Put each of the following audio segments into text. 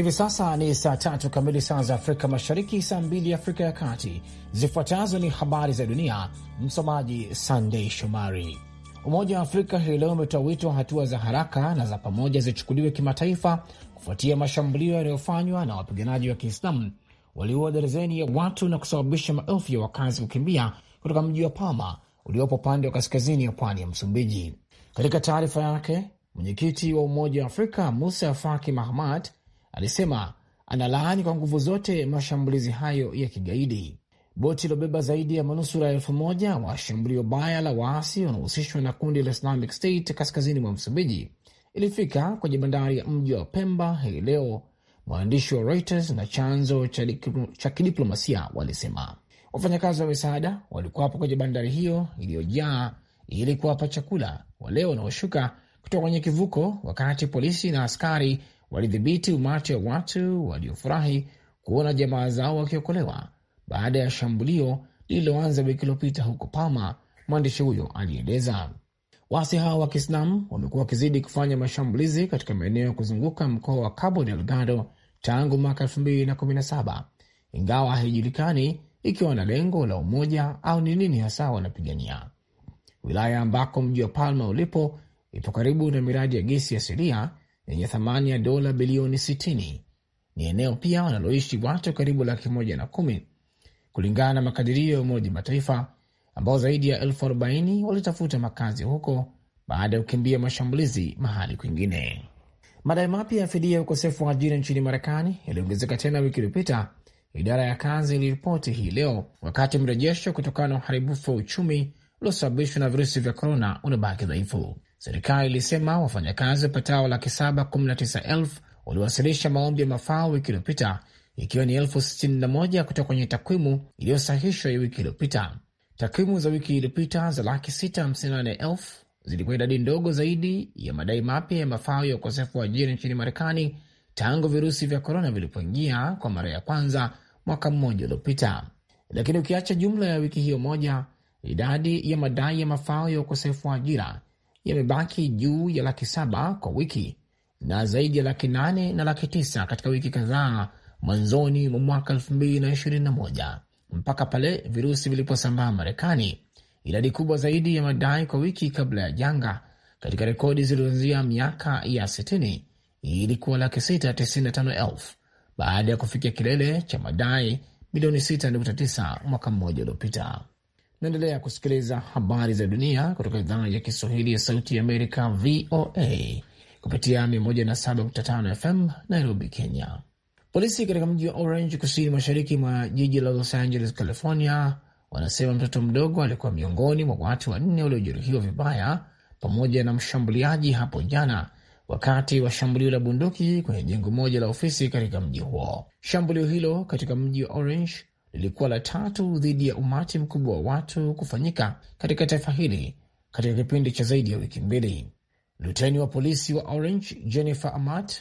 Hivi sasa ni saa tatu kamili saa za Afrika Mashariki, saa mbili Afrika ya Kati. Zifuatazo ni habari za dunia, msomaji Sandei Shomari. Umoja wa Afrika hii leo umetoa wito wa hatua za haraka na za pamoja zichukuliwe kimataifa kufuatia mashambulio yanayofanywa na wapiganaji wa Kiislamu waliua darazeni ya watu na kusababisha maelfu ya wakazi kukimbia kutoka mji wa Palma uliopo upande wa kaskazini ya pwani ya Msumbiji. Katika taarifa yake, mwenyekiti wa Umoja wa Afrika Musa Faki Mahamat alisema analaani kwa nguvu zote mashambulizi hayo ya kigaidi. Boti ilobeba zaidi ya manusura elfu moja wa shambulio baya la waasi wanaohusishwa na kundi la Islamic State kaskazini mwa Msumbiji ilifika kwenye bandari ya mji wa Pemba hii leo, mwandishi wa Reuters na chanzo cha kidiplomasia walisema. Wafanyakazi wa misaada walikuwapo kwenye bandari hiyo iliyojaa ili kuwapa chakula wale wanaoshuka kutoka kwenye kivuko, wakati polisi na askari walidhibiti umati wa watu waliofurahi kuona jamaa zao wakiokolewa baada ya shambulio lililoanza wiki iliyopita huko Palma. Mwandishi huyo alieleza waasi hao wa Kiislamu wamekuwa wakizidi kufanya mashambulizi katika maeneo ya kuzunguka mkoa wa Cabo Delgado tangu mwaka saba ingawa haijulikani ikiwa na lengo la umoja au ni nini hasa wanapigania. Wilaya ambako mji wa Palma ulipo ipo karibu na miradi ya gesi asilia yenye thamani ya dola bilioni 60. Ni eneo pia wanaloishi watu karibu laki moja na kumi kulingana na makadirio ya Umoja Mataifa, ambao zaidi ya elfu arobaini walitafuta makazi huko baada ya kukimbia mashambulizi mahali kwingine. Madai mapya ya fidia ya ukosefu wa ajira nchini Marekani yaliongezeka tena wiki iliyopita, idara ya kazi iliripoti hii leo, wakati mrejesho kutokana na uharibifu wa uchumi uliosababishwa na virusi vya korona unabaki dhaifu. Serikali ilisema wafanyakazi wapatao laki saba kumi na tisa elfu waliwasilisha maombi ya mafao wiki iliyopita, ikiwa ni elfu sitini na moja kutoka kwenye takwimu iliyosahihishwa ya wiki iliyopita. Takwimu za wiki iliyopita za laki sita hamsini na nane elfu zilikuwa idadi ndogo zaidi ya madai mapya ya mafao ya ukosefu wa ajira nchini Marekani tangu virusi vya korona vilipoingia kwa mara ya kwanza mwaka mmoja uliopita. Lakini ukiacha jumla ya wiki hiyo moja, idadi ya madai ya mafao ya ukosefu wa ajira yamebaki juu ya laki saba kwa wiki na zaidi ya laki nane na laki tisa katika wiki kadhaa mwanzoni mwa mwaka moja mpaka pale virusi viliposambaa Marekani, idadi kubwa zaidi ya madai kwa wiki kabla ya janga katika rekodi zilizoanzia miaka ya 60 ilikuwa laki sita tisini na tano elfu baada ya kufikia kilele cha madai milioni 6.9 mwaka mmoja uliopita. Naendelea kusikiliza habari za dunia kutoka idhaa ya Kiswahili ya Sauti ya Amerika, VOA, kupitia 107.5 FM Nairobi, Kenya. Polisi katika mji wa Orange, kusini mashariki mwa jiji la Los Angeles, California, wanasema mtoto mdogo alikuwa miongoni mwa watu wanne waliojeruhiwa vibaya pamoja na mshambuliaji hapo jana wakati wa shambulio la bunduki kwenye jengo moja la ofisi katika mji huo. Shambulio hilo katika mji wa Orange lilikuwa la tatu dhidi ya umati mkubwa wa watu kufanyika katika taifa hili katika kipindi cha zaidi ya wiki mbili. Luteni wa polisi wa Orange Jennifer Amat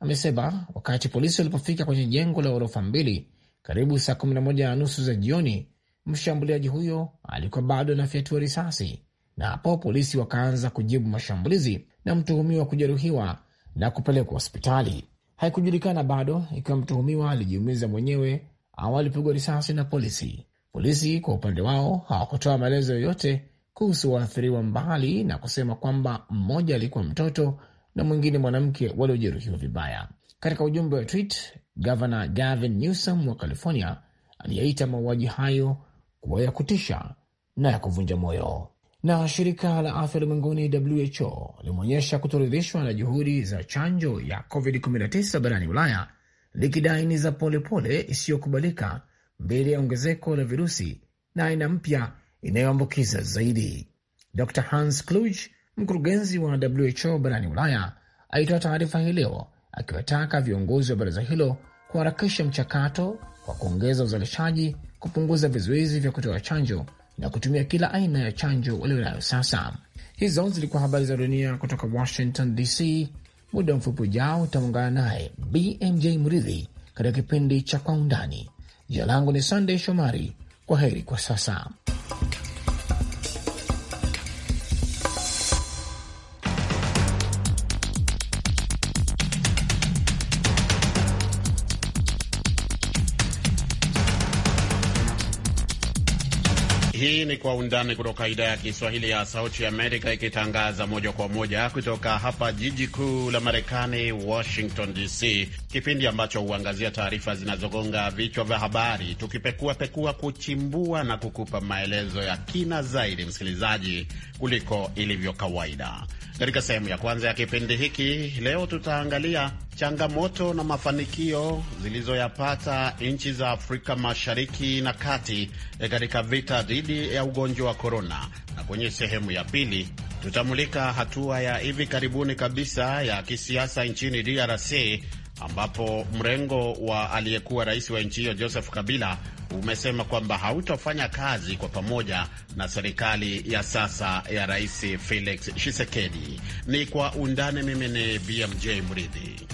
amesema wakati polisi walipofika kwenye jengo la ghorofa mbili karibu saa kumi na moja na nusu za jioni, mshambuliaji huyo alikuwa bado anafyatua risasi, na hapo polisi wakaanza kujibu mashambulizi na mtuhumiwa kujeruhiwa na kupelekwa hospitali. Haikujulikana bado ikiwa mtuhumiwa alijiumiza mwenyewe au alipigwa risasi na polisi. Polisi kwa upande wao hawakutoa maelezo yoyote kuhusu waathiriwa, mbali na kusema kwamba mmoja alikuwa mtoto na mwingine mwanamke waliojeruhiwa vibaya. Katika ujumbe wa tweet, gavana Gavin Newsom wa California aliyeita mauaji hayo kuwa ya kutisha na ya kuvunja moyo. Na shirika la afya ulimwenguni WHO limeonyesha kutoridhishwa na juhudi za chanjo ya COVID-19 barani Ulaya likidai ni za polepole isiyokubalika mbele ya ongezeko la virusi na aina mpya inayoambukiza zaidi. Dr Hans Kluge, mkurugenzi wa WHO barani Ulaya, alitoa taarifa hii leo akiwataka viongozi wa baraza hilo kuharakisha mchakato kwa kuongeza uzalishaji, kupunguza vizuizi vya kutoa chanjo na kutumia kila aina ya chanjo walionayo sasa. Hizo zilikuwa habari za dunia kutoka Washington DC. Muda mfupi ujao utaungana naye BMJ Mridhi katika kipindi cha Kwa Undani. Jina langu ni Sandey Shomari. Kwa heri kwa sasa. Hii ni Kwa Undani kutoka idhaa ya Kiswahili ya Sauti Amerika, ikitangaza moja kwa moja kutoka hapa jiji kuu la Marekani, Washington DC, kipindi ambacho huangazia taarifa zinazogonga vichwa vya habari, tukipekuapekua, kuchimbua na kukupa maelezo ya kina zaidi, msikilizaji, kuliko ilivyo kawaida. Katika sehemu ya kwanza ya kipindi hiki leo tutaangalia changamoto na mafanikio zilizoyapata nchi za Afrika Mashariki na Kati eh, katika vita dhidi ya ugonjwa wa korona, na kwenye sehemu ya pili tutamulika hatua ya hivi karibuni kabisa ya kisiasa nchini DRC ambapo mrengo wa aliyekuwa rais wa nchi hiyo Joseph Kabila umesema kwamba hautafanya kazi kwa pamoja na serikali ya sasa ya Rais Felix Tshisekedi. Ni kwa undani. Mimi ni BMJ Mridhi.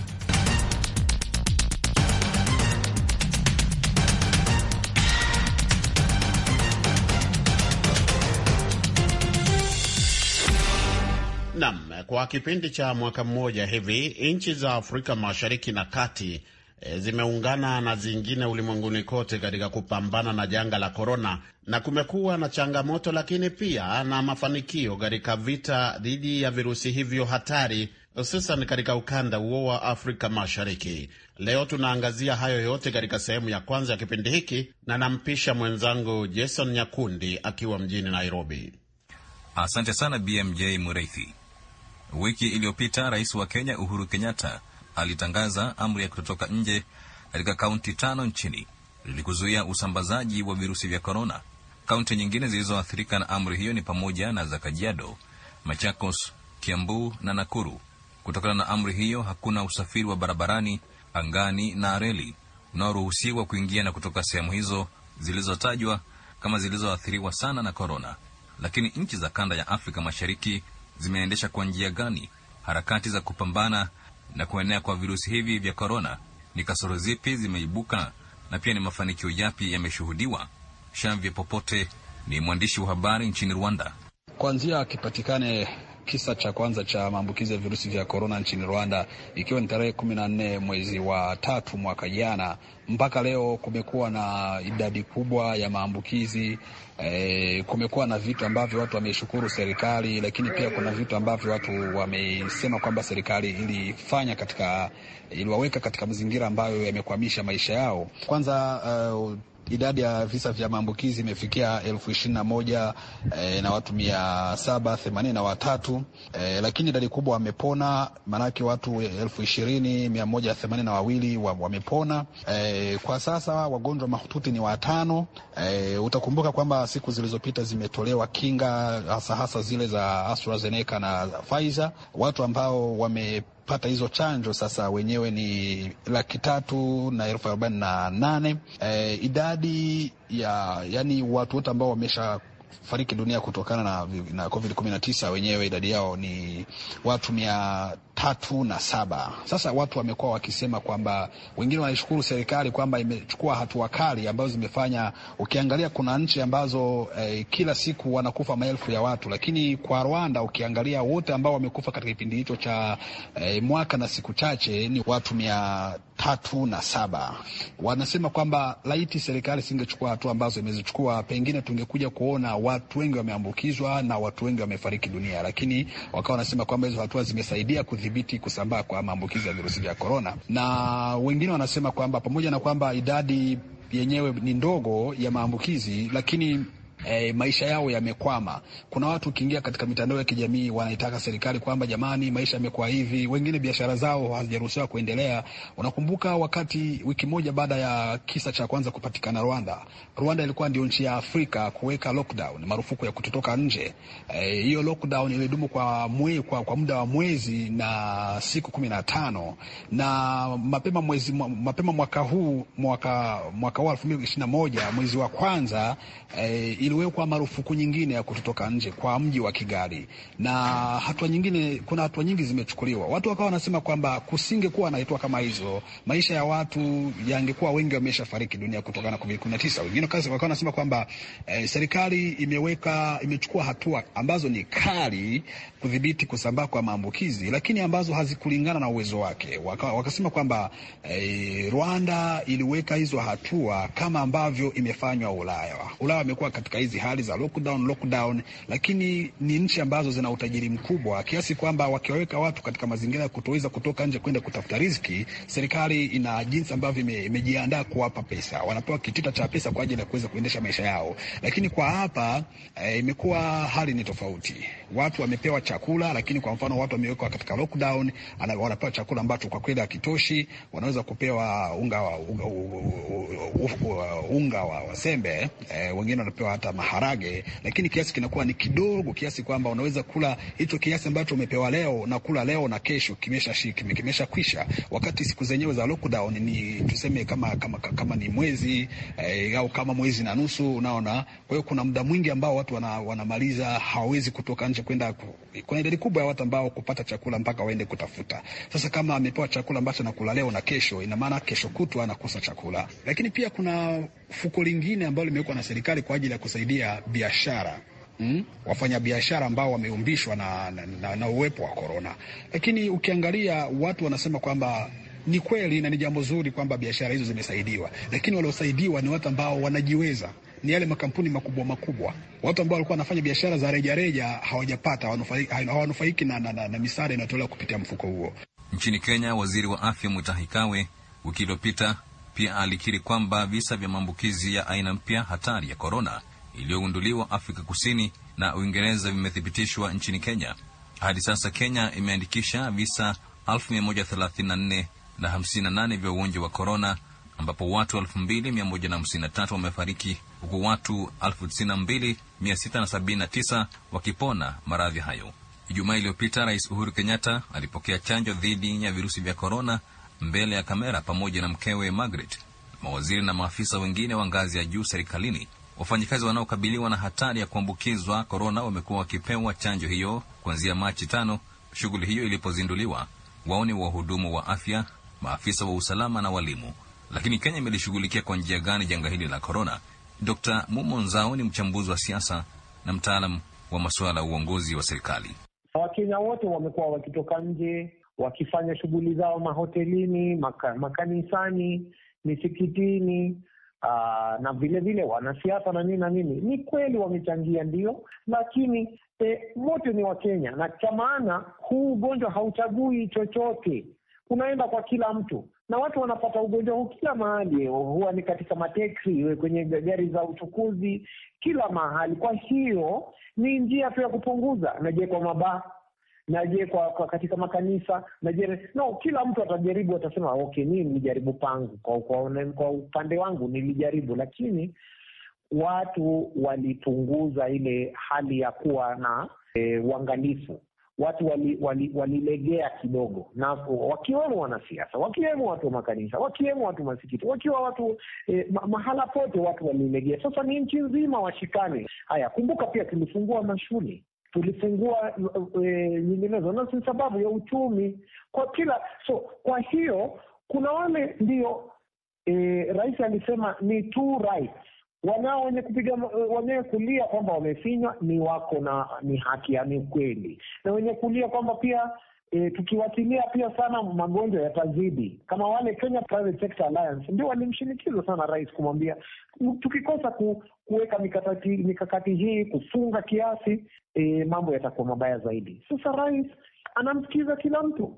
kwa kipindi cha mwaka mmoja hivi nchi za Afrika Mashariki na Kati e, zimeungana na zingine ulimwenguni kote katika kupambana na janga la korona, na kumekuwa na changamoto lakini pia na mafanikio katika vita dhidi ya virusi hivyo hatari, hususan katika ukanda huo wa Afrika Mashariki. Leo tunaangazia hayo yote katika sehemu ya kwanza ya kipindi hiki, na nampisha mwenzangu Jason Nyakundi akiwa mjini Nairobi. Asante sana BMJ Mureithi. Wiki iliyopita rais wa Kenya Uhuru Kenyatta alitangaza amri ya kutotoka nje katika kaunti tano nchini ili kuzuia usambazaji wa virusi vya korona. Kaunti nyingine zilizoathirika na amri hiyo ni pamoja na za Kajiado, Machakos, Kiambu na Nakuru. Kutokana na amri hiyo, hakuna usafiri wa barabarani, angani na reli unaoruhusiwa kuingia na kutoka sehemu hizo zilizotajwa kama zilizoathiriwa sana na korona. Lakini nchi za kanda ya Afrika Mashariki zimeendesha kwa njia gani harakati za kupambana na kuenea kwa virusi hivi vya korona? Ni kasoro zipi zimeibuka na pia ni mafanikio yapi yameshuhudiwa? Shamvye Popote ni mwandishi wa habari nchini Rwanda. Kwanzia akipatikane kisa cha kwanza cha maambukizi ya virusi vya korona nchini Rwanda, ikiwa ni tarehe kumi na nne mwezi wa tatu mwaka jana. Mpaka leo kumekuwa na idadi kubwa ya maambukizi e, kumekuwa na vitu ambavyo watu wameshukuru serikali, lakini pia kuna vitu ambavyo watu wamesema kwamba serikali ilifanya katika iliwaweka katika mazingira ambayo yamekwamisha maisha yao. Kwanza uh, idadi ya visa vya maambukizi imefikia elfu ishirini na moja e, na watu mia saba themanini na watatu e, lakini idadi kubwa wamepona, maanake watu elfu ishirini mia moja themanini na wawili wamepona. E, kwa sasa wagonjwa mahututi ni watano. E, utakumbuka kwamba siku zilizopita zimetolewa kinga hasa hasa zile za AstraZeneca na Pfizer, watu ambao wame pata hizo chanjo sasa wenyewe ni laki tatu na elfu arobaini na nane e, idadi ya yani watu wote ambao wamesha fariki dunia kutokana na, na COVID 19 wenyewe idadi yao ni watu mia tatu na saba. Sasa watu wamekuwa wakisema kwamba wengine wanaishukuru serikali kwamba imechukua hatua kali ambazo zimefanya. Ukiangalia kuna nchi ambazo eh, kila siku wanakufa maelfu ya watu, lakini kwa Rwanda ukiangalia wote ambao wamekufa katika kipindi hicho cha eh, mwaka na siku chache ni watu mia tatu na saba. Wanasema kwamba laiti serikali singechukua hatua ambazo imezichukua, pengine tungekuja kuona watu wengi wameambukizwa na watu wengi wamefariki dunia, lakini wakawa wanasema kwamba hizo hatua zimesaidia kuthi kudhibiti kusambaa kwa maambukizi ya virusi vya korona, na wengine wanasema kwamba pamoja na kwamba idadi yenyewe ni ndogo ya maambukizi, lakini e, maisha yao yamekwama. Kuna watu ukiingia katika mitandao ya kijamii wanaitaka serikali kwamba jamani, maisha yamekuwa hivi, wengine biashara zao hazijaruhusiwa kuendelea. Unakumbuka wakati wiki moja baada ya kisa cha kwanza kupatikana Rwanda, Rwanda ilikuwa ndio nchi ya Afrika kuweka lockdown, marufuku ya kutotoka nje. Eh, hiyo e, lockdown ilidumu kwa, mwe, kwa, kwa muda wa mwezi na siku kumi na tano na mapema mwezi mapema mwaka huu mwaka mwaka wa elfu mbili ishirini na moja mwezi wa kwanza e, iliwekwa marufuku nyingine ya kutotoka nje kwa mji wa Kigali, na hatua nyingine, kuna hatua nyingi zimechukuliwa. Watu wakawa wanasema kwamba kusingekuwa na hatua kama hizo, maisha ya watu yangekuwa wengi wameshafariki dunia kutokana na covid 19. Wengine kazi wakawa wanasema kwamba eh, serikali imeweka imechukua hatua ambazo ni kali kudhibiti kusambaa kwa maambukizi, lakini ambazo hazikulingana na uwezo wake. Waka, wakasema kwamba eh, Rwanda iliweka hizo hatua kama ambavyo imefanywa Ulaya. Ulaya imekuwa katika hizi hali za lockdown, lockdown, lakini ni nchi ambazo zina utajiri mkubwa kiasi kwamba wakiwaweka watu katika mazingira ya kutoweza kutoka nje kwenda kutafuta riziki, serikali ina jinsi ambavyo imejiandaa kuwapa pesa, wanapewa kitita cha pesa kwa ajili ya kuweza kuendesha maisha yao. Lakini kwa hapa e, imekuwa hali ni tofauti. Watu wamepewa chakula, lakini kwa mfano watu wamewekwa katika lockdown, wanapewa chakula ambacho kwa kweli hakitoshi. Wanaweza kupewa unga wa, unga, unga, unga wa, wa sembe e, wengine wanapewa hata hata maharage, lakini kiasi kinakuwa ni kidogo kiasi kwamba unaweza kula hicho kiasi ambacho umepewa leo na kula leo na kesho kimesha shiki, kimesha kwisha. Wakati siku zenyewe za lockdown ni tuseme kama kama kama ni mwezi eh, au kama mwezi na nusu, unaona. Kwa hiyo kuna muda mwingi ambao watu wana, wanamaliza hawawezi kutoka nje kwenda ku, kuna idadi kubwa ya watu ambao kupata chakula mpaka waende kutafuta. Sasa kama amepewa chakula ambacho anakula leo na kesho, ina maana kesho kutwa anakosa chakula. Lakini pia kuna fuko lingine ambalo limewekwa na serikali kwa ajili ya kusaidia kusaidia biashara Mm, wafanya biashara ambao wameumbishwa na, na, na, na uwepo wa korona. Lakini ukiangalia watu wanasema kwamba ni kweli na ni jambo zuri kwamba biashara hizo zimesaidiwa, lakini waliosaidiwa ni watu ambao wanajiweza, ni yale makampuni makubwa makubwa. Watu ambao walikuwa wanafanya biashara za rejareja hawajapata, hawanufaiki na, na, na, na misaada inayotolewa kupitia mfuko huo. Nchini Kenya, waziri wa afya Mutahi Kagwe wiki iliyopita pia alikiri kwamba visa vya maambukizi ya aina mpya hatari ya korona iliyogunduliwa Afrika Kusini na Uingereza vimethibitishwa nchini Kenya. Hadi sasa Kenya imeandikisha visa 1134 na 58 vya ugonjwa wa korona, ambapo watu 2153 wamefariki huku watu 92679 wakipona maradhi hayo. Ijumaa iliyopita Rais Uhuru Kenyatta alipokea chanjo dhidi ya virusi vya korona mbele ya kamera pamoja na mkewe Margaret, mawaziri na maafisa wengine wa ngazi ya juu serikalini. Wafanyakazi wanaokabiliwa na hatari ya kuambukizwa korona wamekuwa wakipewa chanjo hiyo kuanzia Machi tano, shughuli hiyo ilipozinduliwa. Wao ni wahudumu wa afya, maafisa wa usalama na walimu. Lakini Kenya imelishughulikia kwa njia gani janga hili la korona? d Mumo Nzao ni mchambuzi wa siasa na mtaalam wa masuala ya uongozi wa serikali. Wakenya wote wamekuwa wakitoka nje wakifanya shughuli zao mahotelini, maka, makanisani, misikitini aa, ah, na vilevile wanasiasa na nini na nini, ni kweli wamechangia, ndio, lakini eh, wote e, ni Wakenya, na cha maana huu ugonjwa hauchagui chochote, unaenda kwa kila mtu na watu wanapata ugonjwa huu kila mahali, huwa ni katika mateksi, kwenye gari za uchukuzi, kila mahali. Kwa hiyo ni njia tu ya kupunguza. Naje kwa mabaa na je kwa, kwa katika makanisa na je, no, kila mtu atajaribu, atasema okay, mii nilijaribu pangu kwa, kwa, kwa upande wangu nilijaribu, lakini watu walipunguza ile hali ya kuwa na e, uangalifu watu walilegea wali, wali kidogo na wakiwemo wanasiasa, wakiwemo watu wa makanisa, wakiwemo watu masikiti, wakiwa watu e, ma, mahala pote watu walilegea. Sasa ni nchi nzima washikane. Haya, kumbuka pia tulifungua mashule tulifungua e, nyinginezo, na si sababu ya uchumi kwa kila so. Kwa hiyo kuna wale ndio e, rais alisema ni two rights wanao wenye kupiga wenye kulia kwamba wamefinywa ni wako na ni haki, ni ukweli, na wenye kulia kwamba pia E, tukiwatilia pia sana magonjwa yatazidi. Kama wale Kenya Private Sector Alliance ndio walimshinikiza sana rais kumwambia, tukikosa ku, kuweka mikakati mikakati hii kufunga kiasi e, mambo yatakuwa mabaya zaidi. Sasa rais anamsikiza kila mtu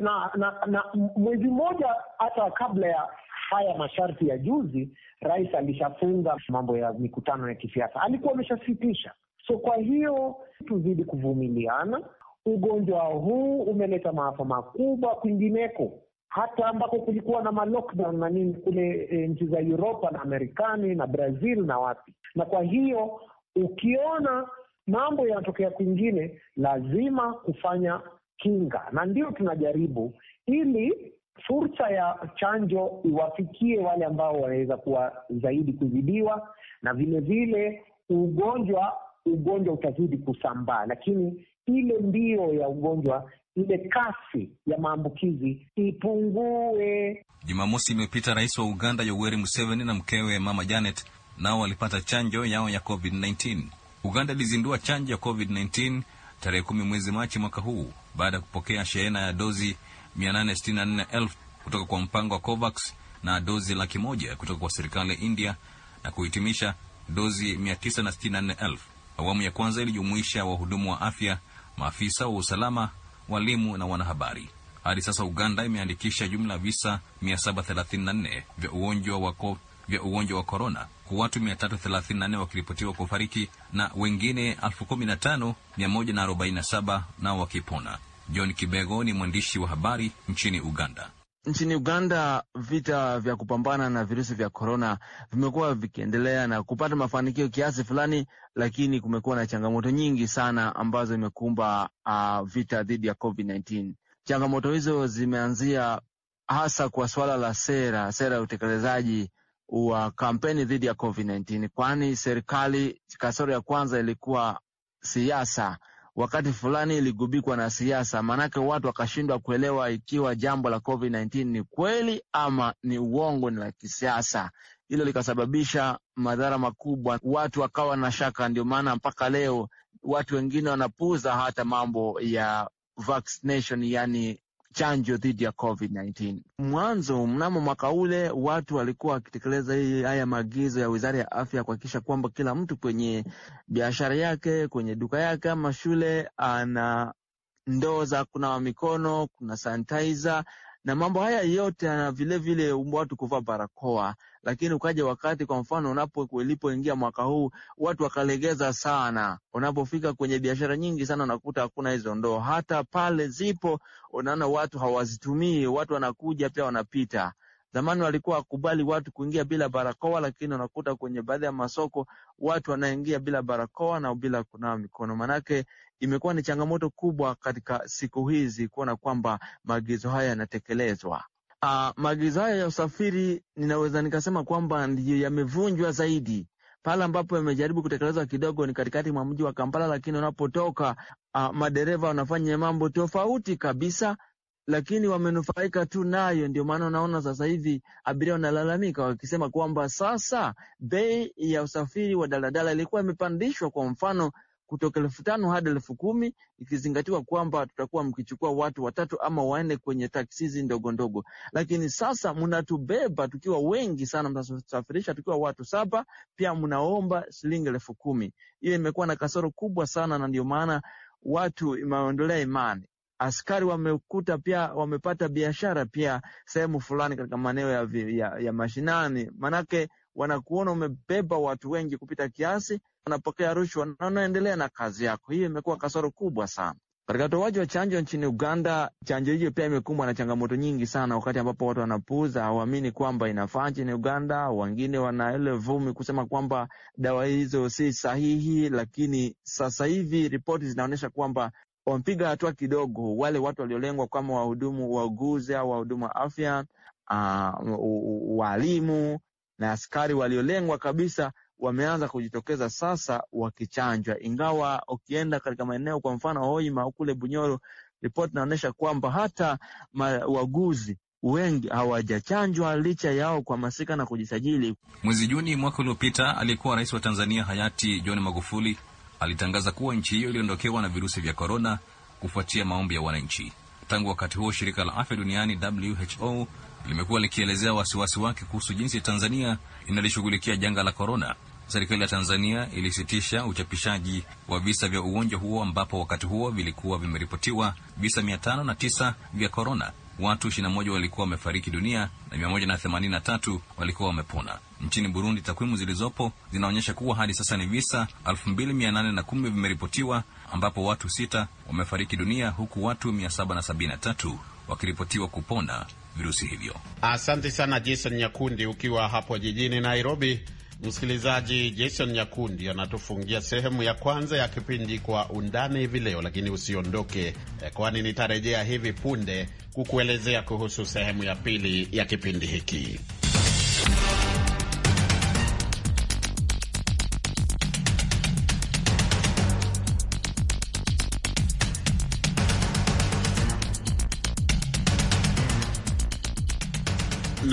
na, na, na mwezi mmoja hata kabla ya haya masharti ya juzi, rais alishafunga mambo ya mikutano ya kisiasa, alikuwa ameshasitisha. So kwa hiyo tuzidi kuvumiliana ugonjwa huu umeleta maafa makubwa kwingineko, hata ambako kulikuwa na malockdown na nini kule e, nchi za Uropa na Marekani na Brazil na wapi. Na kwa hiyo ukiona mambo yanatokea kwingine, lazima kufanya kinga, na ndio tunajaribu ili fursa ya chanjo iwafikie wale ambao wanaweza kuwa zaidi kuzidiwa, na vilevile ugonjwa ugonjwa utazidi kusambaa, lakini ile mbio ya ugonjwa, ile kasi ya maambukizi ipungue. Jumamosi imepita rais wa Uganda Yoweri Museveni na mkewe mama Janet nao walipata chanjo yao ya COVID-19. Uganda ilizindua chanjo ya COVID-19 tarehe kumi mwezi Machi mwaka huu baada ya kupokea shehena ya dozi 864,000 kutoka kwa mpango wa COVAX na dozi laki moja kutoka kwa serikali ya India na kuhitimisha dozi 964,000. Awamu ya kwanza ilijumuisha wahudumu wa afya maafisa wa usalama, walimu na wanahabari. Hadi sasa Uganda imeandikisha jumla visa 734 vya ugonjwa wa vya ugonjwa wa korona, kwa watu 334 wakiripotiwa kufariki na wengine 15147 nao wakipona. John Kibego ni mwandishi wa habari nchini Uganda. Nchini Uganda, vita vya kupambana na virusi vya korona vimekuwa vikiendelea na kupata mafanikio kiasi fulani, lakini kumekuwa na changamoto nyingi sana ambazo imekumba uh, vita dhidi ya COVID-19. Changamoto hizo zimeanzia hasa kwa suala la sera, sera ya utekelezaji wa kampeni dhidi ya COVID-19, kwani serikali, kasoro ya kwanza ilikuwa siasa wakati fulani iligubikwa na siasa, maanake watu wakashindwa kuelewa ikiwa jambo la COVID-19 ni kweli ama ni uongo, ni la kisiasa. Hilo likasababisha madhara makubwa, watu wakawa na shaka. Ndio maana mpaka leo watu wengine wanapuuza hata mambo ya vaccination, yani chanjo dhidi ya COVID-19. Mwanzo mnamo mwaka ule watu walikuwa wakitekeleza hii haya maagizo ya Wizara ya Afya kuhakikisha kwamba kila mtu kwenye biashara yake, kwenye duka yake ama shule ana ndoo za kunawa mikono, kuna sanitizer na mambo haya yote na vilevile watu kuvaa barakoa, lakini ukaja wakati, kwa mfano, unapoingia mwaka huu watu wakalegeza sana. Unapofika kwenye biashara nyingi sana, unakuta hakuna hizo ndoo, hata pale zipo unaona watu hawazitumii, watu wanakuja pia wanapita. Zamani walikuwa wakubali watu kuingia bila barakoa, lakini unakuta kwenye baadhi ya masoko watu wanaingia bila barakoa na bila kunawa mikono. Maanake imekuwa ni changamoto kubwa katika siku hizi kuona kwamba maagizo haya yanatekelezwa. Ah, maagizo haya ya usafiri ninaweza nikasema kwamba ndiyo yamevunjwa zaidi pale ambapo yamejaribu kutekelezwa kidogo ni katikati mwa mji wa Kampala, lakini unapotoka ah, madereva wanafanya mambo tofauti kabisa lakini wamenufaika tu nayo. Ndio maana unaona sasa hivi abiria wanalalamika wakisema kwamba sasa bei ya usafiri wa daladala ilikuwa imepandishwa, kwa mfano kutoka elfu tano hadi elfu kumi ikizingatiwa kwamba tutakuwa mkichukua watu watatu ama wanne kwenye taksizi ndogo ndogo, lakini sasa mnatubeba tukiwa wengi sana, mnasafirisha tukiwa watu saba, pia mnaomba shilingi elfu kumi. Hiyo imekuwa na kasoro kubwa sana, na ndio maana watu imeondolea imani askari wamekuta pia wamepata biashara pia sehemu fulani katika maeneo ya, ya, ya mashinani, manake wanakuona umebeba watu wengi kupita kiasi, wanapokea rushwa na wanaendelea na kazi yako. Hiyo imekuwa kasoro kubwa sana katika utoaji wa chanjo nchini Uganda. Chanjo hiyo pia imekumbwa na changamoto nyingi sana, wakati ambapo watu wanapuuza, hawaamini kwamba inafaa nchini Uganda. Wengine wana ile vumi kusema kwamba dawa hizo si sahihi, lakini sasa hivi ripoti zinaonyesha kwamba wamepiga hatua kidogo, wale watu waliolengwa kama wahudumu, wauguzi au wahudumu wa afya, uh, waalimu na askari waliolengwa kabisa wameanza kujitokeza sasa wakichanjwa, ingawa ukienda katika maeneo kwa mfano Hoima kule Bunyoro, ripoti inaonyesha kwamba hata waguzi wengi hawajachanjwa licha yao kuhamasika na kujisajili. Mwezi Juni mwaka uliopita aliyekuwa rais wa Tanzania hayati John Magufuli alitangaza kuwa nchi hiyo iliondokewa na virusi vya korona kufuatia maombi ya wananchi. Tangu wakati huo, shirika la afya duniani WHO limekuwa likielezea wasiwasi wake kuhusu jinsi Tanzania inalishughulikia janga la korona. Serikali ya Tanzania ilisitisha uchapishaji wa visa vya ugonjwa huo ambapo wakati huo vilikuwa vimeripotiwa visa 59 vya korona. Watu 21 walikuwa wamefariki dunia na 183 walikuwa wamepona. Nchini Burundi, takwimu zilizopo zinaonyesha kuwa hadi sasa ni visa 2810 vimeripotiwa ambapo watu sita wamefariki dunia huku watu 773 wakiripotiwa kupona virusi hivyo. Asante sana Jason Nyakundi ukiwa hapo jijini Nairobi. Msikilizaji, Jason Nyakundi anatufungia sehemu ya kwanza ya kipindi Kwa Undani hivi leo, lakini usiondoke, eh, kwani nitarejea hivi punde kukuelezea kuhusu sehemu ya pili ya kipindi hiki.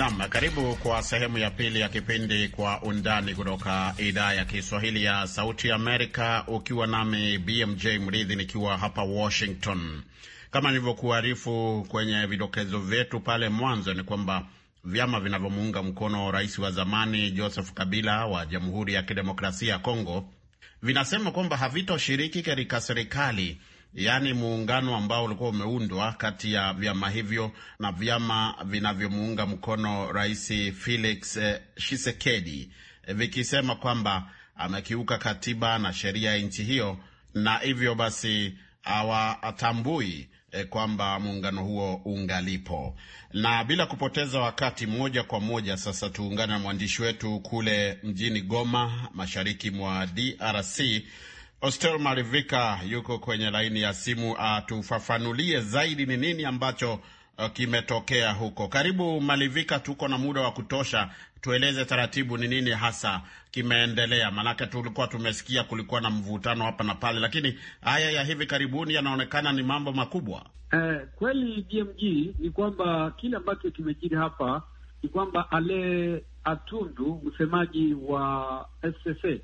Nam, karibu kwa sehemu ya pili ya kipindi Kwa Undani kutoka idhaa ya Kiswahili ya Sauti ya Amerika, ukiwa nami BMJ Mridhi nikiwa hapa Washington. Kama nilivyokuarifu kwenye vidokezo vyetu pale mwanzo, ni kwamba vyama vinavyomuunga mkono rais wa zamani Joseph Kabila wa Jamhuri ya Kidemokrasia ya Kongo vinasema kwamba havitoshiriki katika serikali yaani muungano ambao ulikuwa umeundwa kati ya vyama hivyo na vyama vinavyomuunga mkono Rais Felix eh, Tshisekedi eh, vikisema kwamba amekiuka katiba na sheria ya nchi hiyo na hivyo basi hawatambui eh, kwamba muungano huo ungalipo. Na bila kupoteza wakati, moja kwa moja sasa tuungane na mwandishi wetu kule mjini Goma, mashariki mwa DRC Ostel Malivika yuko kwenye laini ya simu atufafanulie zaidi ni nini ambacho uh, kimetokea huko. Karibu Malivika, tuko na muda wa kutosha, tueleze taratibu ni nini hasa kimeendelea, maanake tulikuwa tumesikia kulikuwa na mvutano hapa na pale, lakini haya ya hivi karibuni yanaonekana ni mambo makubwa. Eh, kweli DMG, ni kwamba kile ambacho kimejiri hapa ni kwamba Ale Atundu, msemaji wa SSA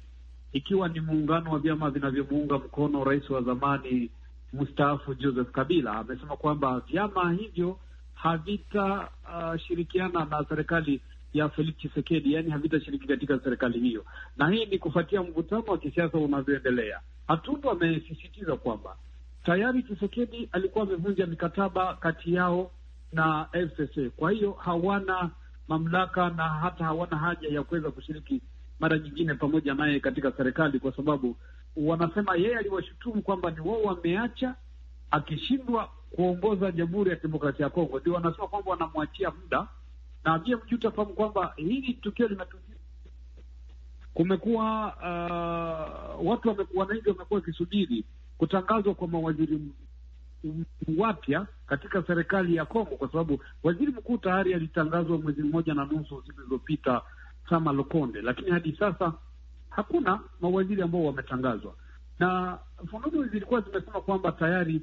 ikiwa ni muungano wa vyama vinavyomuunga mkono rais wa zamani mstaafu Joseph Kabila. Amesema kwamba vyama hivyo havitashirikiana uh, na serikali ya Felix chisekedi yaani havitashiriki katika serikali hiyo, na hii ni kufuatia mvutano wa kisiasa unavyoendelea. Hatundu amesisitiza kwamba tayari chisekedi alikuwa amevunja mikataba kati yao na FCC, kwa hiyo hawana mamlaka na hata hawana haja ya kuweza kushiriki mara nyingine pamoja naye katika serikali, kwa sababu wanasema yeye aliwashutumu kwamba ni wao wameacha akishindwa kuongoza Jamhuri ya Kidemokrasia ya Kongo, ndio wanasema kwamba wanamwachia muda, na pia mjuta fahamu kwamba hili tukio limetukia kumekuwa uh, watu wanaingi wamekuwa wakisubiri kutangazwa kwa mawaziri wapya katika serikali ya Kongo, kwa sababu waziri mkuu tayari alitangazwa mwezi mmoja na nusu zilizopita kama Lokonde, lakini hadi sasa hakuna mawaziri ambao wametangazwa, na fununu zilikuwa zimesema kwamba tayari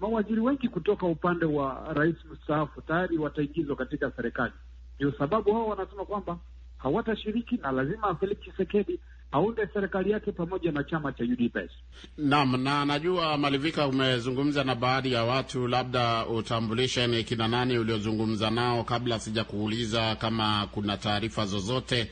mawaziri wengi kutoka upande wa rais mstaafu tayari wataingizwa katika serikali. Ndio sababu hao wanasema kwamba hawatashiriki na lazima Felix Chisekedi aunde serikali yake pamoja na chama cha UDPS. Naam, na najua Malivika, umezungumza na baadhi ya watu, labda utambulishe ni kina nani uliozungumza nao, kabla sija kuuliza kama kuna taarifa zozote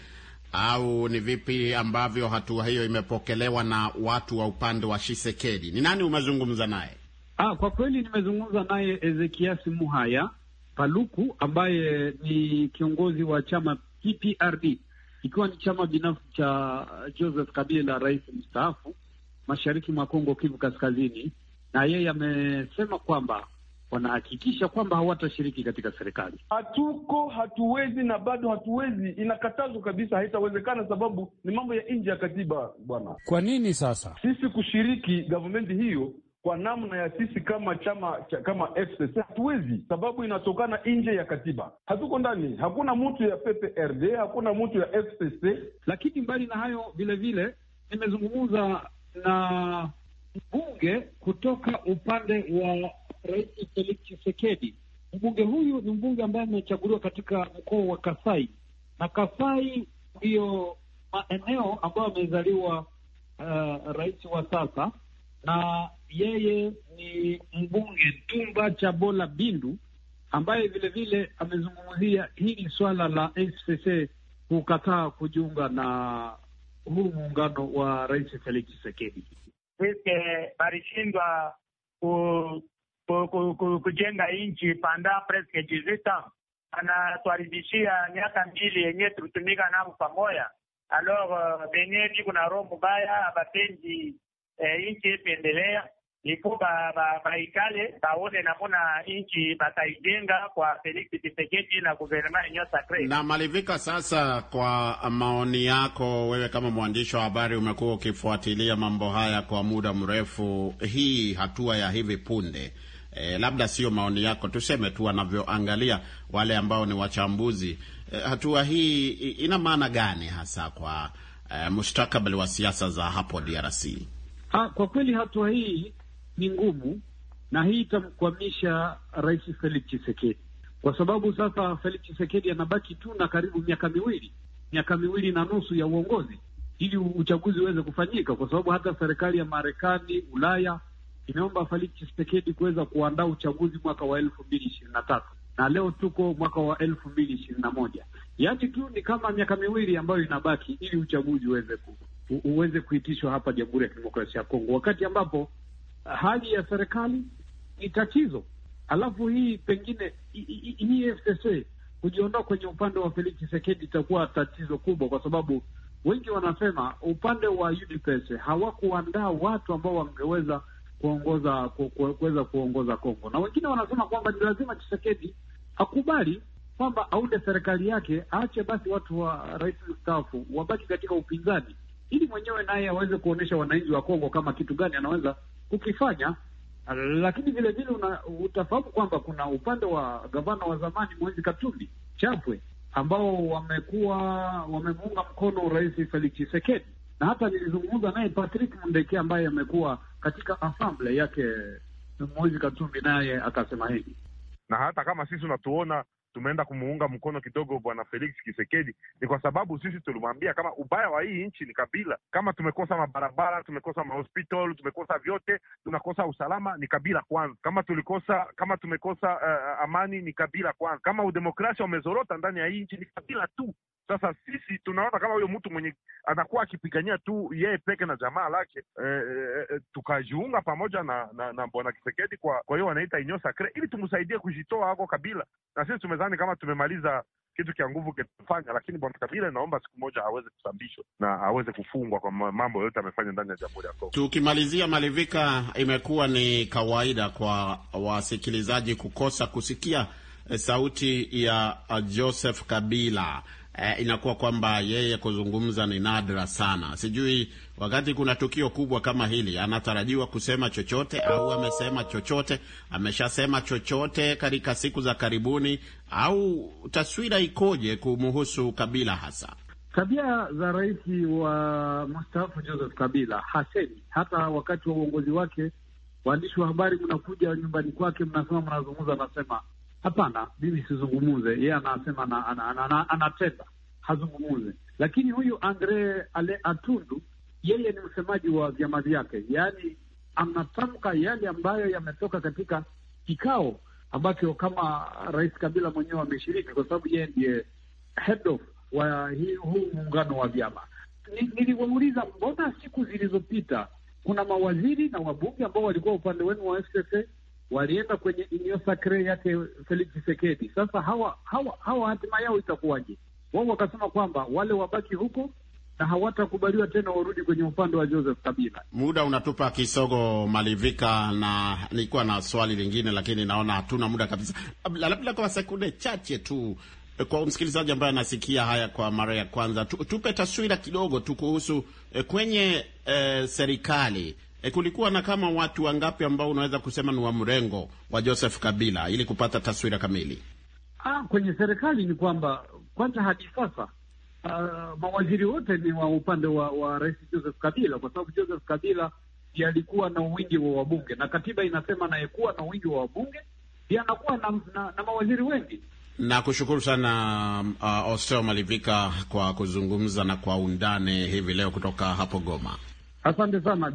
au ni vipi ambavyo hatua hiyo imepokelewa na watu wa upande wa Shisekedi. Ni nani umezungumza naye? Ah, kwa kweli nimezungumza naye Ezekiasi Muhaya Paluku ambaye ni kiongozi wa chama PPRD ikiwa ni chama binafsi cha Joseph Kabila, rais mstaafu mashariki mwa Kongo, Kivu Kaskazini, na yeye amesema kwamba wanahakikisha kwamba hawatashiriki katika serikali. Hatuko, hatuwezi na bado hatuwezi, inakatazwa kabisa, haitawezekana sababu ni mambo ya nje ya katiba bwana. Kwa nini sasa sisi kushiriki gavumenti hiyo kwa namna ya sisi kama chama cha, kama FCC hatuwezi, sababu inatokana nje ya katiba, hatuko ndani. Hakuna mtu ya PPRD, hakuna mtu ya FCC. Lakini mbali na hayo, vilevile vile nimezungumza na mbunge kutoka upande wa Rais Felix chisekedi Mbunge huyu ni mbunge ambaye amechaguliwa katika mkoa wa Kasai, na Kasai ndiyo maeneo ambayo amezaliwa uh, rais wa sasa na yeye ni mbunge Tumba cha Bola Bindu ambaye vilevile amezungumzia hili swala la sc kukataa kujiunga na huu muungano wa Rais Felix Tshisekedi. Sisi eh, balishindwa ku, ku, ku, ku, kujenga nchi panda preske jizita anatwaribishia miaka mbili yenye tulitumika navo pamoja. Alors benye eh, viko na roho mubaya abapendi e, eh, nchi yependelea iko baikale ba, ba baone namuna nchi bataijenga kwa Felix Tshisekedi na guvernema yenyewe sacre na malivika. Sasa, kwa maoni yako wewe, kama mwandishi wa habari, umekuwa ukifuatilia mambo haya kwa muda mrefu, hii hatua ya hivi punde e, labda sio maoni yako, tuseme tu wanavyoangalia wale ambao ni wachambuzi e, hatua hii ina maana gani hasa kwa e, mustakabali wa siasa za hapo DRC? Ha, kwa kweli hatua hii ni ngumu na hii itamkwamisha Rais Felix chisekedi kwa sababu sasa Felix chisekedi anabaki tu na karibu miaka miwili, miaka miwili na nusu ya uongozi ili uchaguzi uweze kufanyika, kwa sababu hata serikali ya Marekani, Ulaya imeomba Felix chisekedi kuweza kuandaa uchaguzi mwaka wa elfu mbili ishirini na tatu na leo tuko mwaka wa elfu mbili ishirini na moja yaani tu ni kama miaka miwili ambayo inabaki ili uchaguzi uweze ku uweze kuitishwa hapa Jamhuri ya Kidemokrasia ya Kongo, wakati ambapo hali ya serikali ni tatizo. Alafu hii pengine hii FCC kujiondoa kwenye upande wa Felix Tshisekedi itakuwa tatizo kubwa, kwa sababu wengi wanasema upande wa UDPS hawakuandaa watu ambao wangeweza kuongoza kuweza kuongoza Kongo, na wengine wanasema kwamba ni lazima Tshisekedi akubali kwamba aunde serikali yake, aache basi watu wa rais mstaafu wabaki katika upinzani ili mwenyewe naye aweze kuonyesha wananchi wa Kongo kama kitu gani anaweza kukifanya. Ah, lakini vile vile utafahamu kwamba kuna upande wa gavana wa zamani Moise Katumbi Chapwe ambao wamekuwa wamemuunga mkono Rais Felix Tshisekedi, na hata nilizungumza naye Patrick Mundeke ambaye amekuwa katika assembly yake Moise Katumbi, naye akasema hivi, na hata kama sisi unatuona tumeenda kumuunga mkono kidogo bwana Felix kisekedi ni kwa sababu sisi tulimwambia kama ubaya wa hii nchi ni Kabila. Kama tumekosa mabarabara, tumekosa mahospital, tumekosa vyote, tunakosa usalama, ni Kabila kwanza. Kama tulikosa kama tumekosa uh, amani, ni Kabila kwanza. Kama udemokrasia umezorota ndani ya hii nchi, ni Kabila tu. Sasa sisi tunaona kama huyo mtu mwenye anakuwa akipigania tu yeye peke na jamaa lake e, e, tukajiunga pamoja na na, na bwana Kisekedi kwa kwa hiyo wanaita inyo sakre ili tumsaidie kujitoa ako Kabila, na sisi tumezani kama tumemaliza kitu kya nguvu kitafanya, lakini bwana Kabila inaomba siku moja aweze kusambishwa na aweze kufungwa kwa mambo yote amefanya ndani ya Jamhuri ya Kongo. Tukimalizia Malivika, imekuwa ni kawaida kwa wasikilizaji kukosa kusikia sauti ya Joseph Kabila eh, inakuwa kwamba yeye kuzungumza ni nadra sana. Sijui wakati kuna tukio kubwa kama hili anatarajiwa kusema chochote au amesema chochote, ameshasema chochote katika siku za karibuni, au taswira ikoje kumuhusu Kabila hasa? Tabia za rais wa mstaafu Joseph Kabila hasemi, hata wakati wa uongozi wake, waandishi wa habari mnakuja nyumbani kwake, mnasema, mnazungumza, anasema Hapana, mimi sizungumuze. Yeye anasema anatenda, hazungumuze. Lakini huyu Andre Ale Atundu yeye ni msemaji wa vyama vyake, yaani anatamka yale ambayo yametoka katika kikao ambacho kama Rais Kabila mwenyewe ameshiriki, kwa sababu yeye ndiye head of wa huu muungano wa vyama. Niliwauliza, mbona siku zilizopita kuna mawaziri na wabunge ambao walikuwa upande wenu wa FCC walienda kwenye union sacre yake Felix Chisekedi. Sasa hawa hawa hawa hatima yao itakuwaje? Wao wakasema kwamba wale wabaki huko na hawatakubaliwa tena warudi kwenye upande wa Joseph Kabila. Muda unatupa kisogo, Malivika, na nilikuwa na swali lingine, lakini naona hatuna muda kabisa, labda kwa sekunde chache tu eh, kwa msikilizaji ambaye anasikia haya kwa mara ya kwanza, tupe taswira kidogo tu kuhusu eh, kwenye eh, serikali E, kulikuwa na kama watu wangapi ambao unaweza kusema ni wa mrengo wa Joseph Kabila ili kupata taswira kamili? Ah, kwenye serikali ni kwamba kwanza hadi sasa Uh, mawaziri wote ni wa upande wa, wa Rais Joseph Kabila kwa sababu Joseph Kabila ndiye alikuwa na wingi wa wabunge, na katiba inasema anayekuwa na wingi wa wabunge ndiye anakuwa na, na, na mawaziri wengi. Na kushukuru sana uh, ah, Osteo Malivika kwa kuzungumza na kwa undani hivi leo kutoka hapo Goma. Asante sana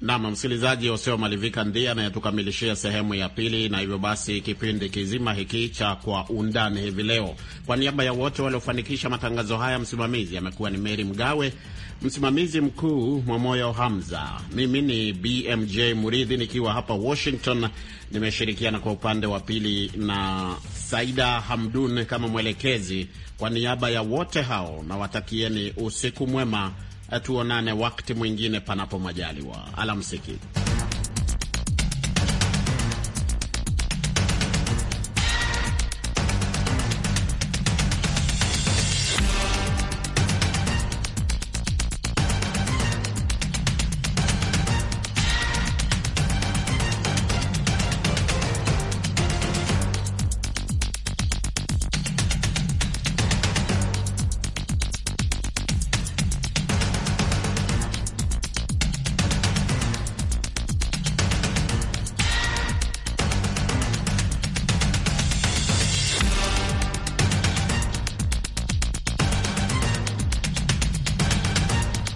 nam. Msikilizaji Hoseo Malivika ndiye anayetukamilishia sehemu ya pili, na hivyo basi kipindi kizima hiki cha Kwa Undani hivi leo, kwa niaba ya wote waliofanikisha matangazo haya, msimamizi amekuwa ni Meri Mgawe, msimamizi mkuu Mwamoyo Hamza, mimi ni BMJ Muridhi nikiwa hapa Washington, nimeshirikiana kwa upande wa pili na Saida Hamdun kama mwelekezi. Kwa niaba ya wote hao nawatakieni usiku mwema tuonane wakati mwingine, panapo majaliwa. Alamsiki.